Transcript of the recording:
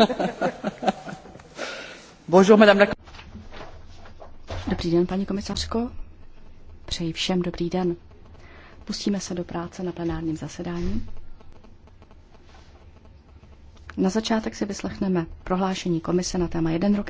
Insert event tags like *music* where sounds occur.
*laughs* Bonjour, madame la... Dobrý den, paní komisařko. Přeji všem dobrý den. Pustíme se do práce na plenárním zasedání. Na začátek si vyslechneme prohlášení komise na téma jeden rok